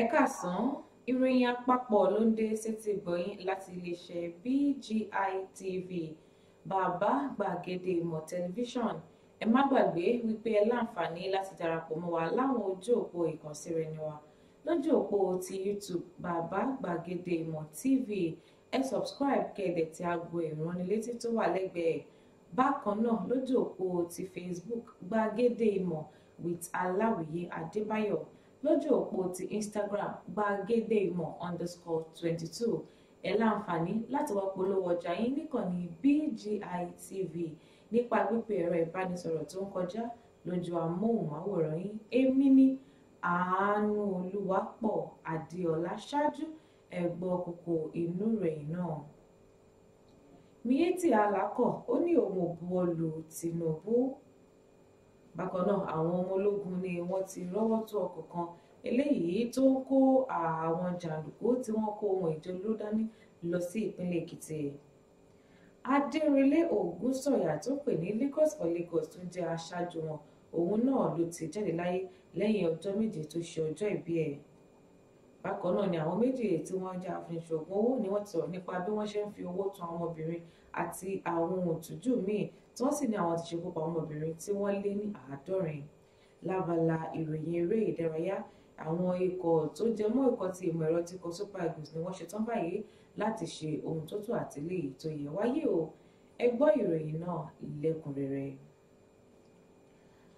ẹ káàsán ìròyìn àpapọ̀ ló ń dé sétí gbọ̀yìn láti iléeṣẹ́ BGI TV bàbá gbàgede ìmọ̀ tẹlifíṣàn ẹ má gbàgbé wípé ẹ láǹfààní láti darapọ̀ mọ́ wa láwọn ojú òpó ìkànsí rẹ̀ ni wa lójú òpó ti YouTube bàbá gbàgede ìmọ̀ TV ẹ e subscribe kẹ̀dẹ̀ tí aago ìránnilétí tó wà lẹ́gbẹ̀ẹ́ bákan náà lójú òpó ti Facebook gbàgede ìmọ̀ with aláwìyé adébáyọ̀ lójú òpó ti instagram gbàgede ìmọ̀ underscore twenty two ẹ láǹfààní láti wá polówó ọjà yín níkànnì BGI TV nípa pípe ẹ̀rọ ìbánisọ̀rọ̀ tó ń kọjá lójú amóhùnmáwòrán yín èmi ní àánú olúwapọ̀ adéọlá ṣáájú ẹ̀gbọ́n kòkò inú rẹ̀ náà. miyetti alakọ ó ní òun ò buwọ́lù tinubu bákan náà àwọn ọmọ ológun ni wọ́n ti rọ́wọ́ tó ọkọ̀ kan eléyìí tó ń kó àwọn jàǹdùkú tí wọ́n kó ohun ìjọ olóró dání lọ sí ìpínlẹ̀ èkìtì adérinlé ògúnsọ̀yà tó pè ní lagos for lagos tó jẹ́ aṣáájú wọn òun náà ló ti jáde láyé lẹ́yìn ọjọ́ méje tó ṣe ọjọ́ ìbí ẹ̀ bákan náà ni àwọn méjì tí wọ́n jẹ́ àfihàn owó ni wọ́n ti sọ̀rọ̀ nípa bí wọ́n ṣe ń fi owó tan àwọn obìnrin àti àwọn òtújù míì tí wọ́n sì ní àwọn ti ṣekú pa àwọn obìnrin tí wọ́n lé ní àádọ́rin lábala ìròyìn eré ìdárayá àwọn ikọ̀ tó jẹ mọ́ ikọ̀ ti ìmọ̀ ẹ̀rọ ti kọ Super Eagles ni wọ́n ṣetán báyìí láti ṣe ohun tó tó àtìlẹ́yìn tó yẹ wáyé o ẹ gbọ́ ìròyìn náà lẹ́kùnrẹ́rẹ́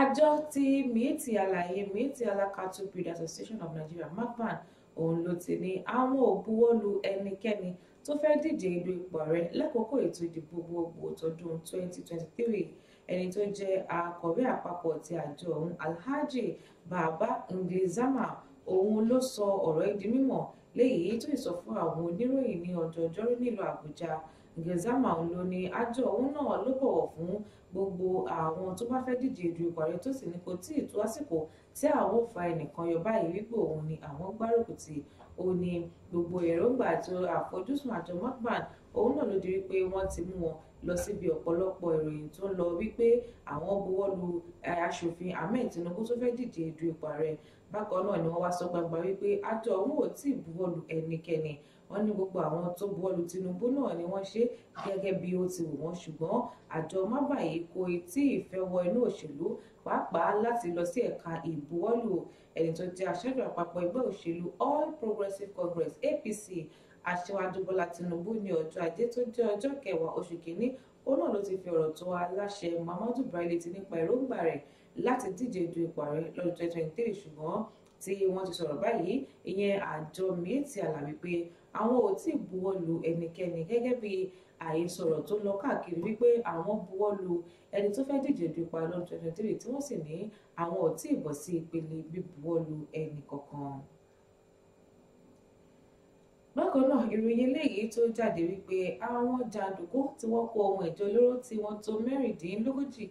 àjọ ti mieti alaye mieti alakatu breed association of Nigeria MACBAN òun ló ti ní àwọn ò buwọ́lu ẹnikẹ́ni tó fẹ́ díje ìlú ipò ààrẹ lákòókò ètò ìdìbò gbogbo tọdún 2023 ẹni tó jẹ́ akọ̀wé àpapọ̀ ti àjọ ọ̀hún Alhaji Baba Ngilizama òun ló sọ ọ̀rọ̀ ìdí mímọ̀ léyìí tó ìsọfún àwọn oníròyìn ní ọjọ́ ọjọ́rú nílùú Àbújá Ngilizama òun ló ní àjọ òun náà ló bọ̀wọ̀ fún gbogbo àwọn tó bá fẹ́ díje du ipò ààrẹ tó sì ní kò tí ì tó àsìkò tí àwọn ò fa ẹnìkan yọ báyìí wípé òun ni àwọn gbárùkù tì ó ní gbogbo èròǹgbà àti àfojúsùn àjọ mcmahon òun náà ló di wípé wọ́n ti mú wọn lọ síbi ọ̀pọ̀lọpọ̀ ìròyìn tó ń lọ wípé àwọn buwọ́ lu aṣòfin ahmed tinubu tó fẹ́ díje du ipò ààrẹ bákan náà ni wọ́n wá sọ gbangba wípé àjọ òun ò tí ì buwọ́ lu ẹnikẹ́ni wọ́n ní gbogbo àwọn tó buwọ́lu Tinubu náà ni wọ́n ṣe gẹ́gẹ́ bí ó ti wù wọ́n ṣùgbọ́n àjọ mábàáyé kò tí ì fẹ́ wọ inú òṣèlú pàápàá láti lọ sí ẹ̀ka ìbuwọ́lù ẹni tó jẹ́ aṣáájú àpapọ̀ ẹgbẹ́ òṣèlú All progressive Congress APC aṣíwájú Bọ́lá Tinubu ní ọjọ́ ajé tó jẹ́ ọjọ́ kẹwàá oṣù kìíní òun náà ló ti fi ọ̀rọ̀ tó aláṣẹ Muhammadu Buhari létí nípa èròǹgbà rẹ̀ láti díje du ipò ààrẹ lọ́dún 2023 ṣùgbọ́n tí wọ́n ti sọ̀rọ̀ báyìí ìyẹn àjọ mi ti àlàyé pé àwọn ò tí ì buwọ́lu ẹnikẹ́ni gẹ́gẹ́ bí àhesọ̀rọ̀ tó lọ káàkiri wípé àwọn buwọ́lu ẹni tó fẹ́ díje dupò lọ́dún twenty three tí wọ́n sì ní àwọn ò tí ì bọ̀ sí ìpele bíbuwọ́lu ẹnì kankan bákan náà ìròyìn eléyìí tó jáde wípé àwọn jàǹdùkú tí wọ́n kó ohun ìjọ olóró tí wọ́n tó mẹ́rìndínlógójì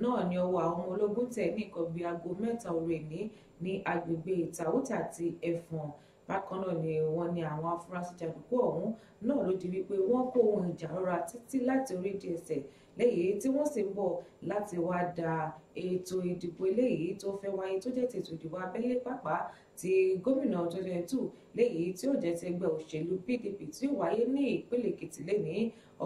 náà ní ọwọ́ àwọn ológun tẹ̀ ní nǹkan bíi aago mẹ́ta òru èní ní agbègbè ìtàwùtà àti ẹ̀fọ̀n bákan náà ni wọ́n ní àwọn afurasí jàǹdùkú ọ̀hún náà ló di wípé wọ́n kó ohun ìjà rọra títí láti orí di ẹsẹ̀ léyìí tí wọ́n sì ń bọ̀ láti wá da ètò ìdìbò eléyìí tó fẹ́ wáyé tó jẹ́ tètò ìdìbò abẹ́lé pàápàá ti gómìnà twenty two léyìí tí ó jẹ́ ti ẹgbẹ́ òṣèlú PDP tí ó wáyé ní ìpínlẹ̀ Èkìtì lẹ́ni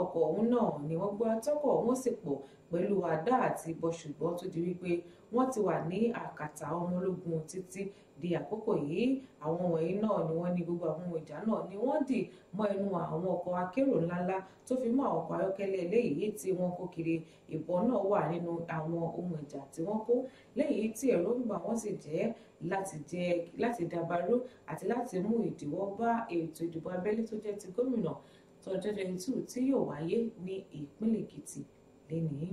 ọkọ̀ ọ̀hún náà ni wọ́n gbọ́ atọ́kọ̀ wọ́n sì pọ̀ pẹ̀lú àdá àti ìbọn ṣùgbọ́n tó di wípé wọ́n ti wà ní àkàtà ọmọ ológun títí di àkókò yìí àwọn wọ̀nyí náà ni wọ́n ní gbogbo àwọn ìjà náà ni wọ́n dì mọ́ inú àwọn ọkọ̀ akérò ńláńlá tó fi mọ́ àwọn ọkọ̀ ayọ́kẹ́lẹ́ eléyìí tí wọ́n kó kiri ìbọn náà wà nínú àwọn ohun ìjà tí wọ́n kó lẹ́yìn tí ẹ̀rọ ń bà wọ́n sì jẹ́ láti jẹ́ láti dàbàrú àti láti mú ìdíwọ́ bá ètò ìdìbò abẹ́lé tó jẹ́ ti gómìnà tọdún 2022 tí yóò wáyé ní ìpínlẹ̀ Èkìtì lẹ́nìí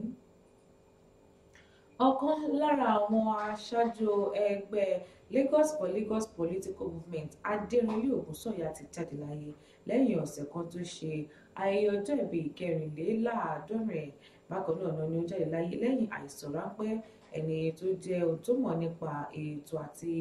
ọ̀kan lára àwọn aṣáájú ẹgbẹ́ Lagos for Lagos Political Movement Adéróyè Ògúnsọ̀yà ti jáde láyé lẹ́yìn ọ̀sẹ̀ kan tó ṣe ayẹyẹ ọjọ́ ìbí ìkẹrìnléláàádọ́rin bákan náà náà ni ó jáde láyé lẹ́yìn àìsàn ráńpẹ́ ẹni tó jẹ́ òtúmọ̀ nípa ètò àti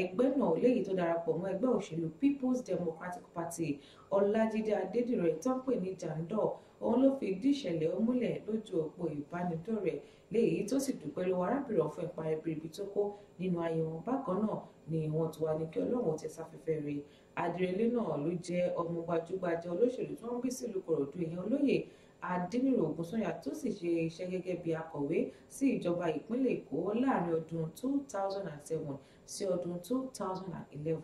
ẹgbẹ́ náà léyìí tó darapọ̀ mọ́ ẹgbẹ́ òṣèlú People's Democratic Party Ọlájídé Adédìrẹ tó ń pè ní Jandor òun ló fi ìdí ìṣẹ̀lẹ̀ ó múlẹ̀ lójú òpó ìbánidọ́rẹ̀ẹ́ léyìí tó sì dúpẹ́ lọ́wọ́ arábìnrin ọ̀fọ̀ ìpa ribiribi tó kó nínú ayé wọn bákan náà ni wọ́n ti wá ní kí ọlọ́run tẹ sáfẹ́fẹ́ rẹ̀ adìrẹ́lé náà ló jẹ́ ọmọ gbajúgbajà olóṣèlú tó ń gbé sílùú Ìkòròdú ìyẹn olóyè Adéníran Ògúnsànyà tó sì ṣe iṣẹ́ gẹ́gẹ́ bí akọ̀wé sí ìjọba ìpínlẹ̀ Èkó láàrin ọdún 2007 sí ọdún 2011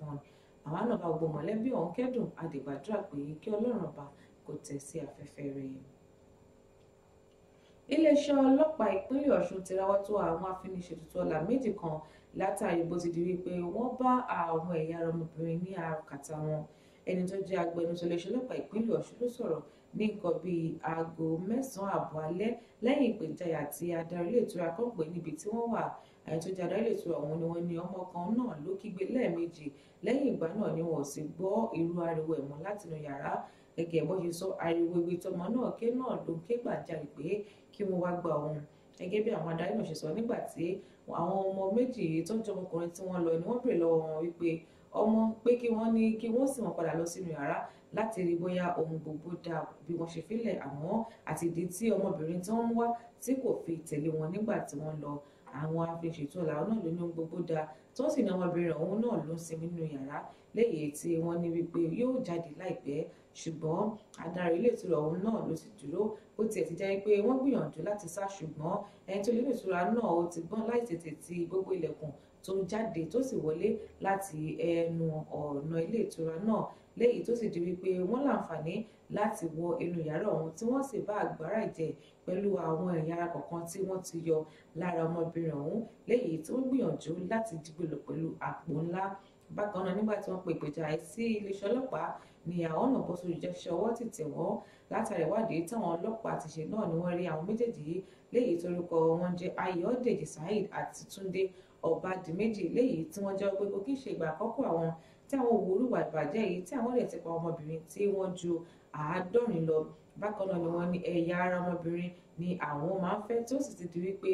àwọn náà bá gbogbo mọ̀lẹ́bí ọ̀hún kẹ́dùn àdìgbàdúrà pé kí ọlọ́run ọba kó tẹ̀ sí afẹ́fẹ́ rẹ̀. iléeṣẹ́ ọlọ́pàá ìpínlẹ̀ ọ̀ṣun ti rawọ́ tó àwọn afiniṣètùtù ọ̀la méjì kan látàrí bó ti di wípé wọ́n bá àwọn ẹ̀yà ara ọmọbìnrin ní àkàtà wọn ẹni tó jẹ́ agbẹnusọ iléeṣẹ́ ọlọ́pàá ìpínlẹ̀ ọ̀ṣun ló sọ̀rọ̀ ní nǹkan bíi aago mẹ́sàn-án ààbọ̀ alẹ́ lẹ́yìn ìpèjáyà àti adarí ilé ìtura kan pè níbi tí wọ́n wà àyè tó jẹ́ adarí ilé ọ̀hún ni wọ́n ní ọmọ kan náà ló kígbe lẹ́ẹ̀mejì lẹ́yìn ìgbà náà ni wọ́n sì gbọ́ irú ariwo ẹ̀mọ́ látinú yàrá gẹ́gẹ́ bó ṣe sọ ariwo ibi tọmọ náà ké náà ló ń ké gbàjarè pé kí wọ́n wá gba òun gẹ́gẹ́ bí àwọn adarí náà ṣe sọ nígbà tí àwọn ọmọ méjì tó ń jọ ọmọkùnrin tí wọ́n lọ ni wọ́n bèrè lọ́wọ́ wọn wípé ọmọ pé kí wọ́n ní kí wọ́n sì wọ́n padà lọ sínú yàrá láti rí bóyá ohun gbogbo dà bí wọ́n ṣe fílẹ̀ àmọ́ àti ìdí tí ọmọbìnrin tí wọ́n ń wá tí kò fi tẹ̀lé wọn nígbà tí wọ́n lọ àwọn afẹsẹ̀tún làwọn náà ló ní ohun gbogbo dà tó sì ní ọmọbìnrin ọ̀hún náà ló ń sinmi nínú yàrá léyìí tí wọ́n ní wípé yóò jáde láìpẹ́ ṣùgbọ́n adarí ilé ìtura ọ̀hún náà ló ti dúró ó tiẹ̀ ti jẹ́ pé wọ́n gbìyànjú láti sá ṣùgbọ́n ẹni tó ilé ìtura náà ó ti gbọ́n láì tètè ti gbogbo ilẹ̀kùn tó jáde tó sì wọlé láti ẹnu ọ̀nà ilé ìtura náà léyìí tó sì di wípé wọ́n láǹfààní láti wọ inú yàrá ọ̀hún tí wọ́n sì bá àgbàrá ìjẹ pẹ̀lú àwọn ẹ̀yà ara kọ̀ọ̀kan tí wọ́n ti yọ lára ọmọbìnrin ọ̀hún léyìí tó ń gbìyànjú láti dìgbò pẹ̀lú àpò ńlá bákan náà nígbà tí wọ́n pe ìpèjà ẹ̀ sí iléeṣẹ́ ọlọ́pàá ní àwọn ọ̀nà bó sojú jẹ́ṣẹ́ ọwọ́ ti tẹ̀ wọ́n látàrí ìwádìí táwọn ọlọ́pàá ti ṣe náà ni wọ́n rí àwọn méjèèjì yìí léyìí torúkọ wọn jẹ́ ayọ̀dèjì saheed àti túndé ọ̀bádìméjì léyìí tí wọ́n jẹ́ pé kò kí ń ṣe ìgbà àkọ́kọ́ àwọn tí àwọn òwúrò wà ìbàjẹ́ yìí tí àwọn lè ọmọbìnrin tí wọ́n ju àádọ́rin lọ bákan náà ni wọ́n ní ẹ̀yà ara ọmọbìnrin ni àwọn máa ń fẹ́ tí ó sì ti di wípé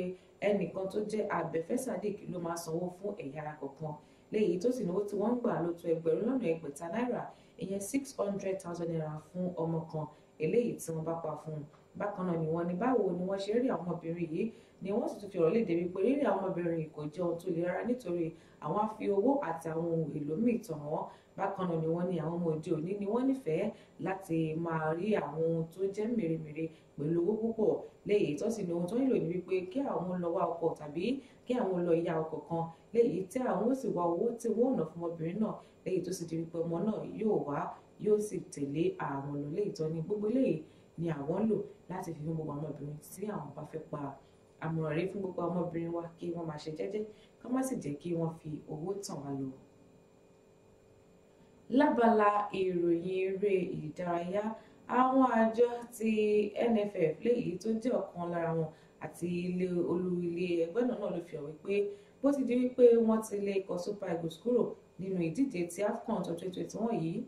ẹnìkan tó jẹ́ abẹ́fẹ́sàdìkì ló máa sanwó fún ẹ̀yà ara kọ̀ọ̀kan léyìí tó sì náwó tí wọ́n ń gbà ló tó ẹgbẹ̀rún lọ́nà ẹgbẹ̀ta náírà ìyẹn six hundred thousand naira fún ọmọ kan eléyìí tí wọ́n bá pa fún un bákan náà ni wọ́n ní báwo ni wọ́n ṣe rí àwọn obìnrin yìí ni wọ́n sì tún fi ọ̀rọ̀ léde wípé rírí àwọn obìnrin kò jẹ́ ohun tó le rárá nítorí àwọn á fi owó àti àwọn ohun èlò míì tàn wọ́n bákan náà ni wọ́n ní àwọn ọmọ òde òní ni wọ́n nífẹ̀ẹ́ láti máa rí àwọn ohun tó jẹ́ mèremère pẹ̀lú owó púpọ̀ léyìí tó sì ní ohun tó ń lò ní wípé kí àwọn lọ wá ọkọ̀ tàbí kí àwọn lọ ya ọkọ̀ kan léyìí tí àwọn ó sì wá owó tí wọ́n ọ̀nà fún ọmọbìnrin náà léyìí tó sì di wípé ọmọ náà yóò wá yóò sì tẹ̀lé àwọn lọ léyìí tó ní gbogbo léyìí ni àwọn lò láti fi fún gbogbo àwọn ọmọbìnrin tí àwọn bá fẹ́ pa àmọ̀ràn rí fún gbogbo ọmọbìnrin wa kí wọ́n máa ṣe jẹ́jẹ́ ká má sì jẹ́ kí wọ́n fi owó tàn wá lọ lábala ìròyìn eré ìdárayá àwọn àjọ ti NFF léyìí tó jẹ́ ọ̀kan lára wọn àti ilé olú ilé ẹgbẹ́ náà náà ló fi hàn wípé bó ti di wípé wọ́n ti lé ikọ̀ Super Eagles kúrò nínú ìdíje ti AFCON tó twenty twenty one yìí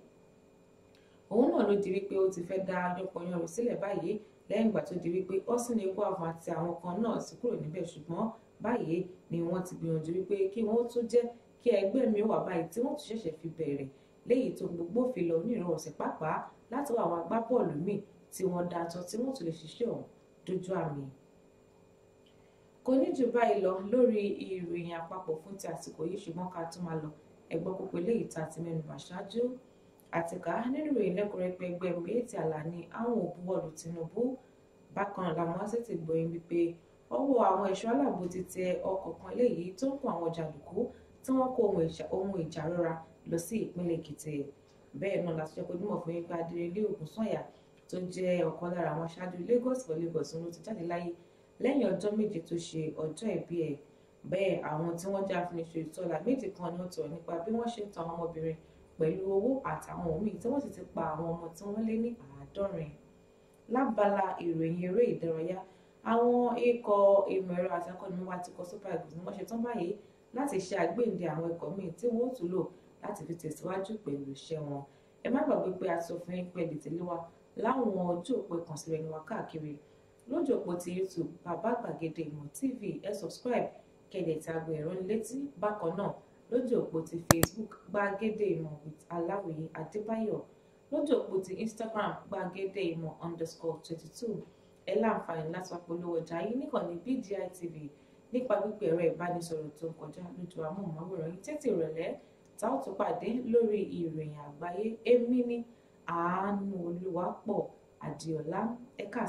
òun náà ló di wípé ó ti fẹ́ dá yánpọnyánrin sílẹ̀ báyìí lẹ́yìn ìgbà tó di wípé ọ́sìn ikú àwọn àti àwọn kan náà sì kúrò níbẹ̀ ṣùgbọ́n báyìí ni wọ́n ti gbìyànjú wípé kí wọ́n tún jẹ́ kí ẹgbẹ́ mi wà báyìí tí wọ́n tún ṣẹ̀ṣẹ̀ fi bẹ̀rẹ̀ léyìí tó gbogbo fi lọ onírànwọ̀sẹ̀ pàápàá láti wá àwọn agbábọ́ọ̀lù míì tí wọ́n dá tán tí wọ́n tún lè ṣiṣẹ́ ọ̀hún dójú àmì. kò ní jù báyìí lọ lórí ìròyìn àpapọ̀ fún ti àsìkò yìí ṣùgbọ́n ká tó máa lọ ẹgbọ́n kókó léyìí tá a ti mẹ́nubà ṣáájú àtìká nínú ìròyìn lẹ́kùnrẹ́pẹ́ ẹgbẹ́ ẹgbẹ́ ètì àlàní àwọn òbú bọ́ọ̀lù Tinubu bákan làwọn sì ti gbòyìn wípé ọwọ́ àwọn ẹ̀ṣọ́ aláàbò ti tẹ ọkọ̀ kan léyìí tó ń kó àwọn jàǹdùkú tí wọ́n kó ohun ìjà rọra lọ sí ìpínlẹ̀ èkìtì bẹ́ẹ̀ náà láti jẹ́ pé onímọ̀ fún yínká adérelé ògúnsànyà tó jẹ́ ọ̀kan lára àwọn aṣáájú lagos for lagos ló ti jáde láyé lẹ́yìn ọjọ́ méje tó ṣe ọjọ́ ìbí ẹ̀ bẹ́ẹ̀ àwọn tí wọ́n jẹ́ afiniṣe ìtọ́lá méjì kan ni wọ́n tọ̀rọ̀ nípa bí wọ́n ṣe ń tan ọmọbìnrin pẹ̀lú owó àtàwọn míì tí wọ́n sì ti pa àwọn ọmọ tí wọ́n lé ní àádọ́rin lábala ìròyìn eré ìdárayá àwọn ikọ̀ ìmọ̀ ẹ̀rọ àti akọ́nimọ̀wá ti kọ super eagles ni wọ́n ṣe tán báyìí láti ṣe àgbéǹde àwọn ikọ̀ míì tí wọ́n ó tún lò láti fi tẹ̀síwájú pẹ̀lú iṣẹ́ wọn ẹ má gbàgbé pé a sọ fún yín pé dìtẹ̀ lé wa láwọn ojú òpó ìkànsílẹ̀ ẹni wa káàkiri lójú òpó ti youtube bàbá gbàgede ìmọ̀ tv ẹ subscribe kẹ̀dẹ̀ tí aago ẹ̀rọ létí bákan náà lójú òpó ti facebook gbàgede ìmọ̀ with aláwìyí adébáyọ̀ lójú òpó ti instagram gbàgede ìmọ̀ underscore twenty two ẹ láǹfààní láti polówó ọjà yìí níkànnì BGI TV nípa gbígbé ẹ̀rọ ìbánisọ̀rọ̀ tó ń kọjá lójú amóhùnmáwòrán yìí tètè rẹ̀lẹ́ tá ò tún pàdé lórí ìròyìn àgbáyé èmi ní àánú olúwapọ̀ adiola ẹ̀ka